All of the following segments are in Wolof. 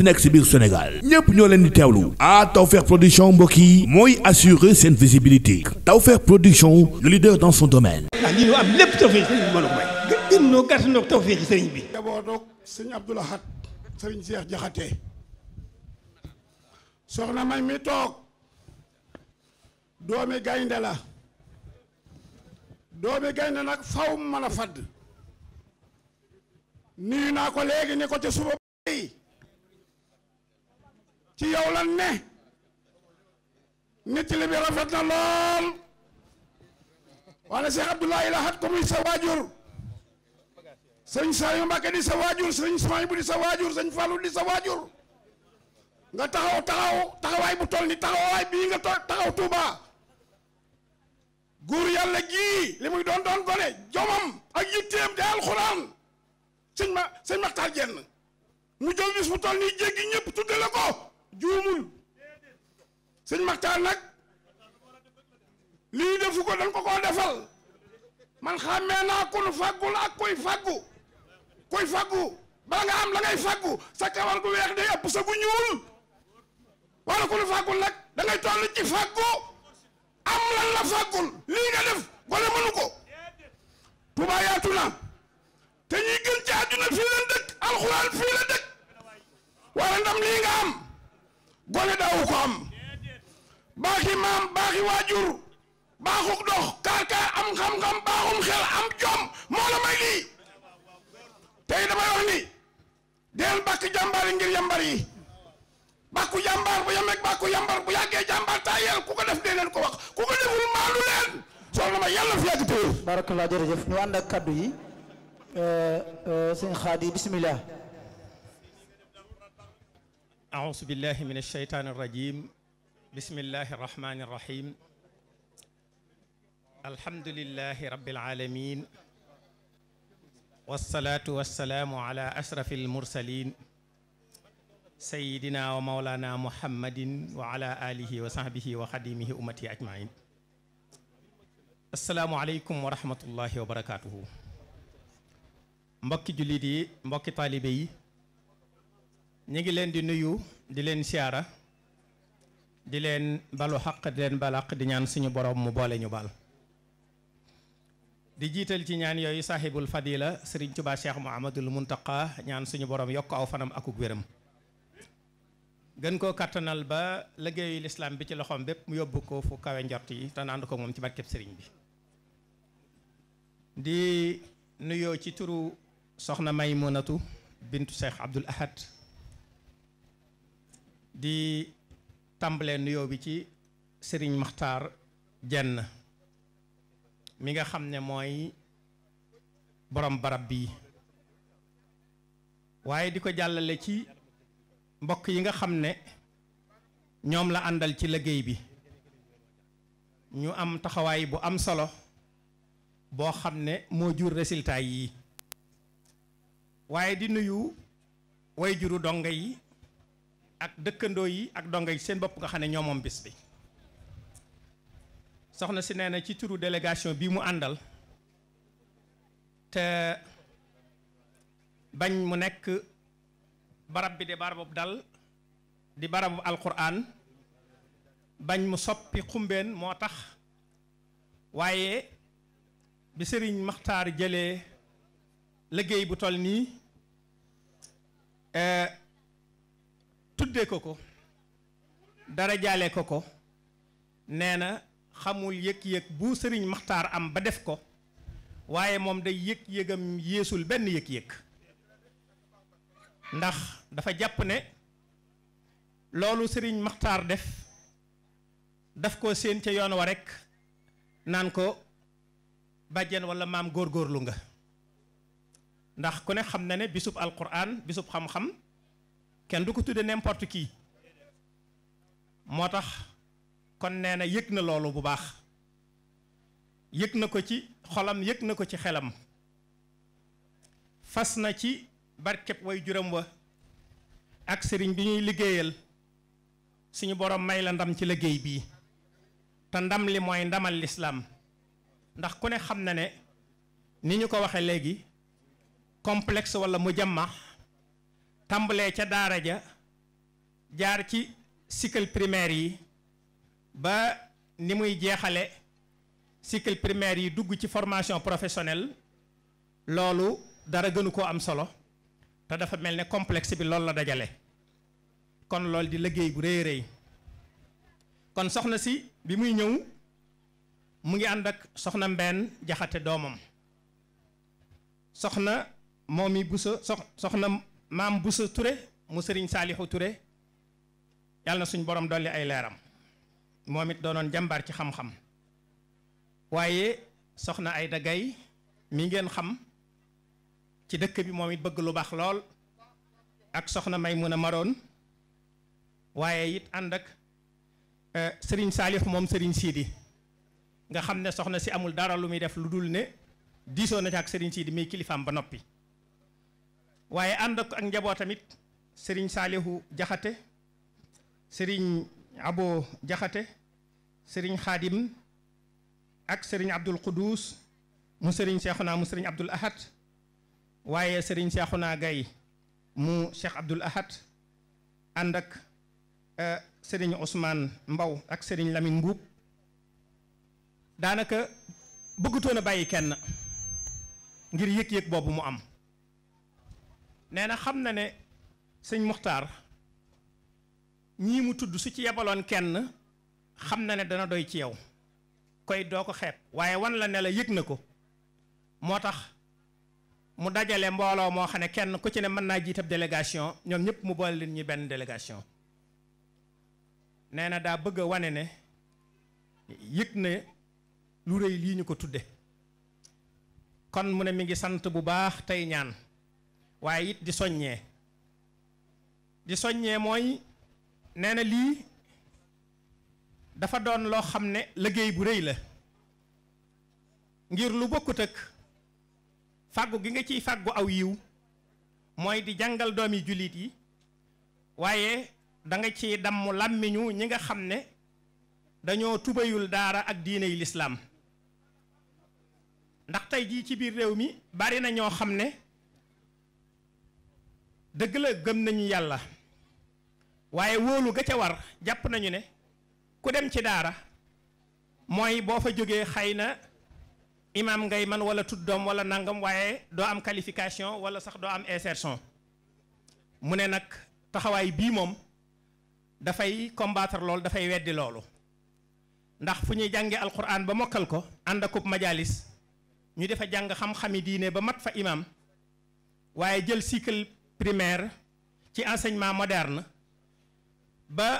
munti nekk si biir Sénégal ñépp ñoo leen di teewlu ah Tawfekh mbokk yi mooy assurer seen visibilité Tawfekh production le leader dans ah, a may. gën ñoo gàtt ñoo Tawfekh sëriñ bi. jabootoog sëñ soxna may mi toog doomi gaynde la doomi gaynde nag faw mën a fadd nuyu naa ko léegi ne ko ca suba. ci yow lan ne nettali bi rafet na lool wala Cheikh Abdoulaye Lahat ko muy sa waajur sëñ Saliou Mbacké di sa waajur sëñ Souhaïbou bu di sa waajur sëñ Fallou di sa waajur nga taxaw taxaw taxawaay bu toll ni taxawaay bii nga taxaw Touba góor yàlla gii li muy doon doon gone jomam ak yitteem di alxuraan sëñ ma sëñ Maxtaar Jenn mu jël bis bu toll nii jéggi ñëpp tudde ko juumul sëñ Maxtaar nag lii defu ko dañ ko koo defal man xàmmee naa kun fàggul ak kuy fàggu kuy fàggu bala nga am la fàggu sa kawar gu weex day ëpp sa gu ñuul wala kun fàggul nag da ngay ci fàggu am lan la fàggul lii nga def gone mënu ko Tuubaa yaatu na te ñuy gën ci àdduna fii la dëkk alxuraan fii la dëkk wala ndam lii nga am gone daawu baaxi maam baaxi waajur baaxuk dox kaar-kaar am xam-xam baaxum xel am jom moo may lii tey damay wax ni deel bàkk jàmbaar yi ngir yambar yi bàkku jàmbaar bu yameeg bàkku yambar bu yàggee jàmbaar taayel ku ko def dee leen ko wax ku ko deful maalu leen soxna ma yàlla fi yàgg téwér barakallah jërëjëf ñu ànd kaddu yi eh, eh, sëñ xaadi bismillah أعوذ بالله من الشيطان الرجيم بسم الله الرحمن الرحيم الحمد لله رب العالمين والصلاة والسلام على أشرف المرسلين سيدنا ومولانا محمد وعلى آله وصحبه وخديمه أمتي أجمعين asalaamualeykum wa rahmatullahi wa barakaatuhu mbokki jullit yi mbokki taalibe yi ñi ngi leen di nuyu di leen siyaara di leen balu xaq di leen balaq di ñaan suñu borom mu boole ñu baal di jiital ci ñaan yooyu saaxibul fadila sëriñ Tuubaa Cheikh Muhammadul Muntaqa ñaan suñu borom yokk aw fanam akuk wéram gën koo kàttanal ba liggéeyu lislaam bi ci loxoom bépp mu yóbbu ko fu kawe njort yi te ànd ko moom ci barkeb sëriñ bi di nuyoo ci turu soxna Maymunatu bintu Cheikh Abdul Ahad di tàmbalee nuyoo bi ci Serigne Makhtar Diène mi nga xam ne mooy borom barab bii waaye di ko jàllale ci mbokk yi nga xam ne ñoom la àndal ci liggéey bi ñu am taxawaay bu am solo boo xam ne moo jur résultat yii waaye di nuyu way juru donga yi ak dëkkandoo yi ak dongo yi seen bopp nga xam ne ñoo moom bis bi soxna si neena ci turu délégation bi mu àndal te bañ mu nekk barab bi di barabu dal di barabu alquran bañ mu soppi xumbeen moo tax waaye bi sëriñ maxtaar jëlee liggéey bu toll nii eh, tuddee ko ko dara jaale ko ko nee na xamul yëg-yëg bu sëriñ maxtar am ba def ko waaye moom day yëg-yëgam yéesul benn yëg-yëg ndax dafa jàpp ne loolu sëriñ maxtar def daf ko séen ca yoon wa rekk naan ko bàjjen walla maam góor góorlu nga ndax ku ne xam na ne bisub alquran bisub xam-xam kenn du ko tudde n'importe kii moo tax kon nee na yëg na loolu bu baax yëg na ko ci xolam yëg na ko ci xelam fas na ci barkeb way juram wa ak sëriñ bi ñuy liggéeyal suñu borom may la ndam ci liggéey bii te ndam li mooy ndamal lislaam ndax ku ne xam na ne ni ñu ko waxee léegi complexe walla mu jàmma tàmbalee ca daara ja jaar ci cycle primaire yi ba ni muy jeexale cycle primaire yi dugg ci formation professionnelle loolu dara gënu koo am solo te dafa mel ni complexe bi loolu la dajale kon loolu di liggéey bu rëy rëy kon soxna si bi muy ñëw mu ngi ànd ak soxna mbenn jaxate doomam soxna moom yi buso soxna maam Boussa Touré mu sëriñ Saalixu ture yàlla na suñ borom dolli ay leeram moom it doonoon jàmbaar ci xam-xam waaye soxna ay Gaye mi ngeen xam ci dëkk bi moom it bëgg lu baax lool ak soxna may a Maroon waaye it ànd ak euh, sëriñ Saalix moom sëriñ Siidi nga xam ne soxna si amul dara lu muy def lu dul ne diisoo na ci ak sëriñ Siidi muy kilifaam ba noppi waaye ànd ak njaboo tamit sëriñ saalihu jaxate sëriñ abo jaxate sëriñ xaadim ak sëriñ abdul quduus mu sëriñ seexuna mu sëriñ abdul ahad waaye sëriñ seexuna gay mu cheikh abdul ahad ànd ak euh, sëriñ ousmane mbaw ak sëriñ lamin mbuub daanaka bëggutoon a bàyyi kenn ngir yëg-yëg boobu mu am nee na xam na ne sëñ Muxtaar ñii mu tudd su ci yebaloon kenn xam na ne dana doy ci yow koy doo ko xeeb waaye wan la ne la yëg na ko moo tax mu dajale mbooloo moo xam ne kenn ku ci ne mën naa jiitab délégation ñoom ñëpp mu boole leen ñi benn délégation nee na daa bëgg a wane ne yëg ne lu rëy lii ñu ko tudde kon mu ne mi ngi sant bu baax tey ñaan waaye it di soññee di soññee mooy nee na lii dafa doon loo xam ne liggéey bu rëy la ngir lu bokkut ak fàggu gi nga ciy fàggu aw yiw mooy di jàngal doomi jullit yi waaye danga nga ci damm làmmiñu ñi nga xam ne dañoo tubéyul daara ak diine lislaam ndax tey jii ci biir réew mi bari na ñoo xam ne dëgg la gëm nañu yàlla waaye wóolu ga ca war jàpp nañu ne ku dem ci daara mooy boo fa jógee xëy na imaam ngay man wala tuddoom wala nangam waaye doo am qualification wala sax doo am insertion mu ne nag taxawaay bii moom dafay combattre loolu dafay weddi loolu ndax fu ñuy jànge alquran ba mokkal ko ànd akub majalis ñu defa jàng xam-xami diine ba mat fa imaam waaye jël cycle primaire ci enseignement moderne ba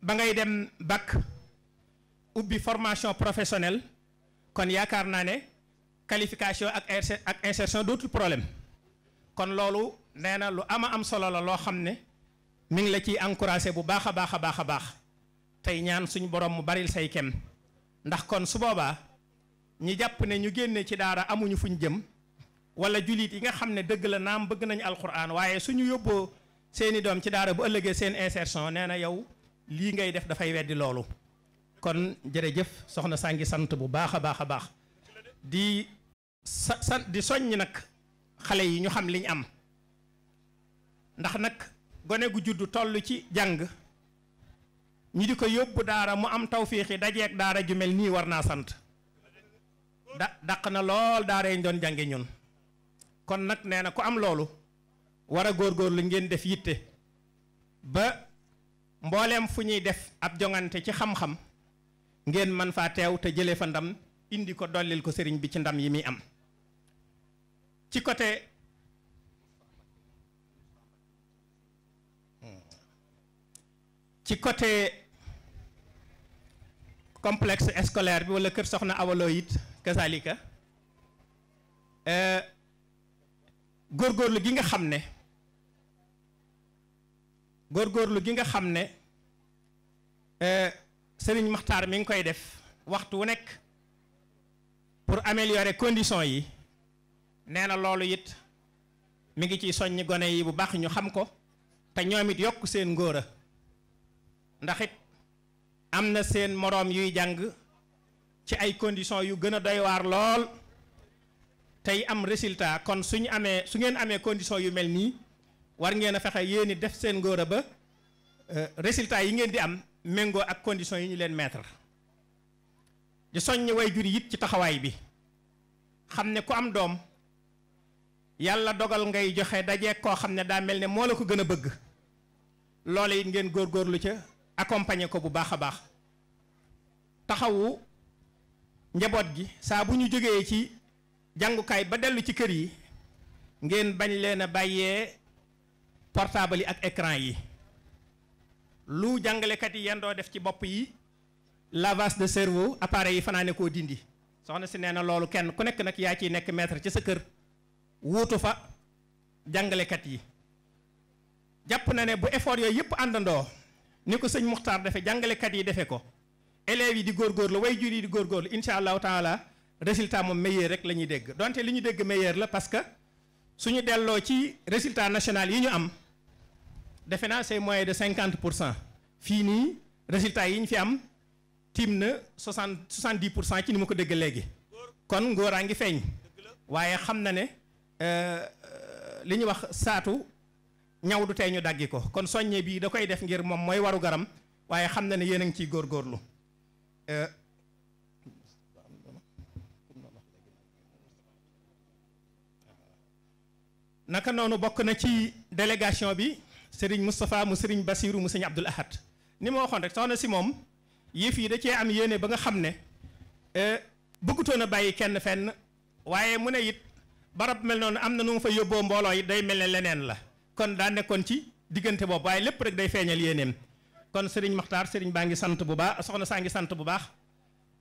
ba ngay dem bac ubbi formation professionnelle kon yaakaar naa ne qualification ak ak insertion dootul problème kon loolu nee na lu ama am solo la loo xam ne mi ngi la ciy encouragé bu baax a baax a baax a baax tey ñaan suñu borom mu baril say kem ndax kon su boobaa ñi jàpp ne ñu génne ci daara amuñu fuñ jëm wala jullit yi nga xam ne dëgg la naam bëgg nañu alxuraan waaye suñu yóbboo seeni doom ci daara bu ëllëgee seen insertion nee na yow lii ngay def dafay weddi loolu kon jërëjëf soxna saa ngi sant bu baax a baax a baax di sa di soññ nag xale yi ñu xam liñ am ndax nag gone gu juddu toll ci jàng ñu di ko yóbbu daara mu am tawfiixi dajeeg daara ju mel nii war naa sant da daq na lool daara yi ñu doon jànge ñun kon nag nee na ku am loolu war a góorgóorlu ngeen def yitte ba mbooleem fu ñuy def ab joŋante ci xam-xam ngeen man faa teew te jëlee fa ndam indi ko dollil ko sëriñ bi ci ndam yi muy am ci côté ci côté complexe scolaire bi wala kër soxna awaloo it kasaalika euh, góor góorgóorlu gi nga xam ne góorgóorlu gi nga xam ne euh, Serigne Makhtar mi ngi koy def waxtu wu nekk pour améliorer conditions yi nee na loolu it mu ngi ciy soññ gone yi bu baax ñu xam ko te ñoom it yokk seen ngóora ndaxit am na seen moroom yuy jàng ci ay conditions yu gën a doy lool. tey am résultat kon suñu amee su ngeen amee condition yu mel nii war ngeen a fexe yéen i def seen ngóora ba euh, résultat yi ngeen di am méngoo ak condition yi ñu leen mettre di soññ way jur yi ci taxawaay bi xam ne ku am doom yàlla dogal ngay joxe daje koo xam ne daa mel ne moo la ko gën a bëgg loole it ngeen góor góorlu ca accompagner ko bu baax a baax taxawu njaboot gi saa bu ñu jógee ci jàngukaay ba dellu ci kër yi ngeen bañ leen a bàyyee portable yi ak écran yi lu jàngalekat yi doo def ci bopp yi lavage de cerveau appareil yi fanaane koo dindi soxna si nee na loolu kenn ku nekk nag yaa ciy nekk maître ci sa kër wuutu fa jàngalekat yi jàpp na ne bu effort yooyu yëpp àndandoo ni ko sëñ Muxtaar defe jàngalekat yi defe ko élèves yi di góorgóorlu way jur yi di góorgóorlu incha allahu taala résultat moom meilleur rek la ñuy dégg donte li ñu dégg meilleur la parce que suñu delloo ci résultat national yi ñu am defe naa c'est moins de cinquante pour cent fii nii résultat yi ñu fi am tiim na soixante soixante dix pour cent ci ni ma ko dégg léegi kon ngóoraa ngi feeñ waaye xam na ne euh, euh, li ñuy wax saatu ñaw du tey ñu daggi ko kon soññe bii da koy def ngir moom mooy waru garam waaye xam na ne yéen a ngi ciy góorgóorlu euh, naka noonu bokk na ci délégation bi sëriñ Moustapha mu sëriñ basiiru mu sëriñ Abdul Ahad ni ma waxoon rek soxna si moom yëf yi da cee am yéene ba nga xam ne eh, bëggutoon a bàyyi kenn fenn waaye mu ne it barab mel noonu am na nu nga fa yóbboo mbooloo yi day mel ne leneen la kon daa nekkoon ci diggante boobu waaye lépp rek day feeñal yéeneem kon sëriñ Maxtaar sëriñ baa ngi sant bu baax soxna saa ngi sant bu baax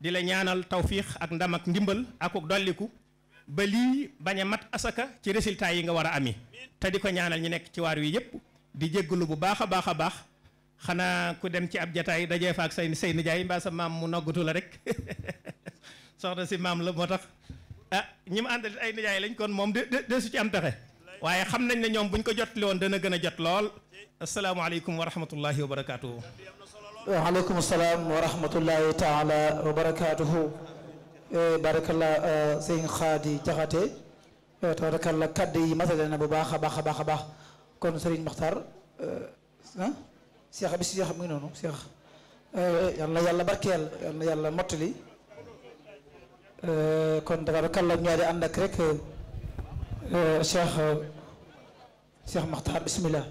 di la ñaanal tawfiix ak ndamak ak ndimbal akuk dolliku ba lii bañ a mat asaka ci résultat yi nga war a ami te di ko ñaanal ñu nekk ci waar wi yëpp di jégglu bu baax a baax a baax xanaa ku dem ci ab jataay dajee fa ak say say nijaay mbaa sa maam mu noggatu la rek soxna si maam la moo tax ah ñi mu àndal ay nijaay lañ kon moom de de su ci am taxe waaye xam nañ ne ñoom buñ ko jotli woon dana gën a jot lool asalaamaaleykum wa rahmatullahi wa barakaatuhu. waaleykum salaam wa rahmatullahi taala wa barakaatuhu. Eh, barakallah eh, sëñ Xaadi Jaxate eh, tabarakallah kaddu yi matale na bu baax a baax a baax a baax kon Serigne Makhtar ah Cheikh bi Cheikh mu ngi noonu yàlla barkeel yàlla mottali kon tabarakallah ñaari ànd ak rek Cheikh Cheikh bismillah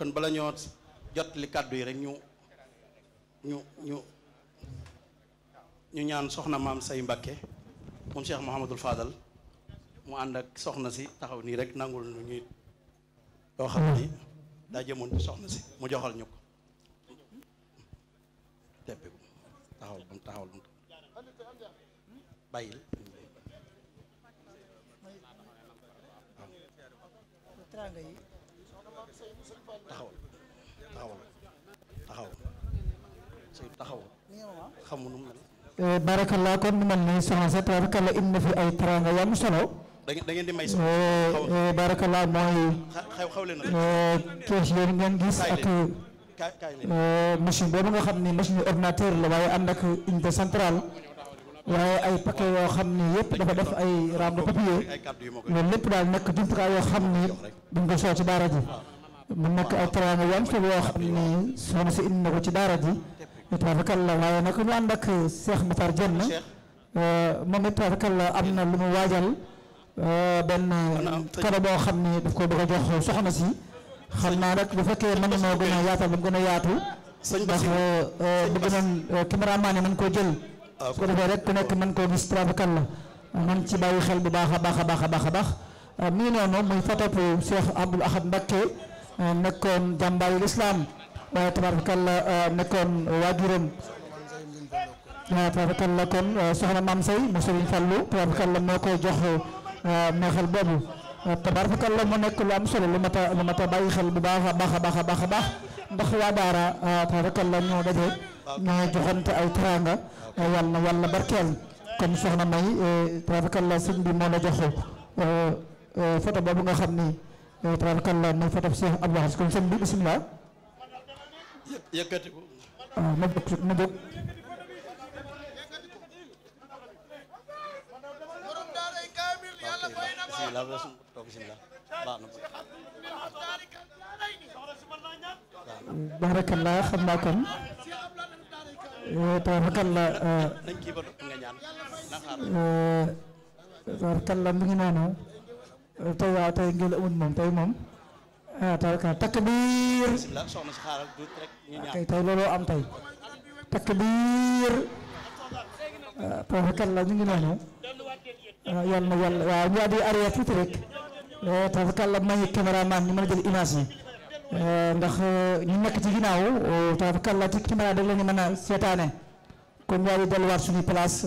kon bala ñoo jot li kàddu yi rek ñu ñu ñu ñaan soxna maam say mbakke moom Cheikh Mouhamadul Fadal mu ànd ak soxna si taxaw nii rek nangul lu ñuy loo xam daa jëmoon ci soxna si mu joxal ñu ko teppi taxawal bam taxawal bam bàyyil taxawal taxawal taxawal Seydou taxawal xamu nu mu mel. Eh, barakallah kon nu mel ni ay teraanga yu am solo. da ngeen di may sax eh, eh, barakallah mooy. xaw xaw leen kees yooyu ngeen gis ak. machine boobu nga xam ni machine ordinateur la waaye ànd ak unité centrale waaye ay paquet yoo xam ni yëpp dafa def ay rame de papier loolu lépp daal nekk jumtukaay yoo xam ni duñ ko soo ci daara mu nekk ay teraanga yu am solo xam ni soxna si indi na ko ci daara ji tabarakallah waaye nag ñu ànd ak Cheikh Matar Dieng moom it tabarakallah am na lu mu waajal benn kado boo xam ni daf ko bëgg a soxna si xam naa rek bu fekkee mën a yaatal ba mu yaatu ndax bëgg euh, nañ euh, caméraman yi mën koo jël ah, su ko defee rek ku nekk mën koo gis tabarakallah mën ci bàyyi xel bu baax a baax a baax a baax a baax euh, mi ngi noonu muy photo Cheikh Abdoul Ahad Mbacké Eh, nekkoon jàmbaari lislaam waaye tabaarakalla eh, nekkoon waajuram eh, tabaarakalla kon soxna Maam Say mu Sëriñ Fallu tabaarakalla moo mu nekk lu am solo lu mat a bàyyi xel bu baax a baax a baax ndax waa daara tabaarakalla ñoo daje ñoo joxante ay teraanga yàlla barkeel kon soxna May tabaarakalla sëñ bi moo la jox photo boobu nga xam ni tabarakallah mooy foto Cheikh Abdou Lahad kon sëñ bi bisimilah. yëkkati ko. waaw ah, ma jóg ma jóg. barakallah xam naa kon. tabarakallah. Eh, tabarakallah eh, eh, mu ngi noonu. tey waaw tey ngeen amul moom tey moom tey looloo am tey takbiir tabaraka la ñu ngi noonu yal na yàlla waaw ñu di arrière tuuti rek ñu mën a jël image yi ndax ñu nekk ci ginnaaw tabaraka la ci caméra rek la ñu a seetaane kon ñu di delluwaat suñu place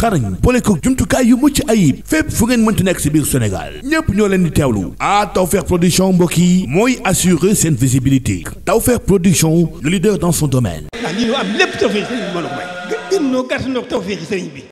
boo boole ko jumtukaay yu mucc ayib fépp fu ngeen mënti nekk si biir Sénégal ñépp ñoo leen di teewlu ah Tawfekh production mbokk yi mooy assurer seen visibilité Tawfekh production la leader dans son domaine. Ah, am lépp Tawfekh sëriñ bi.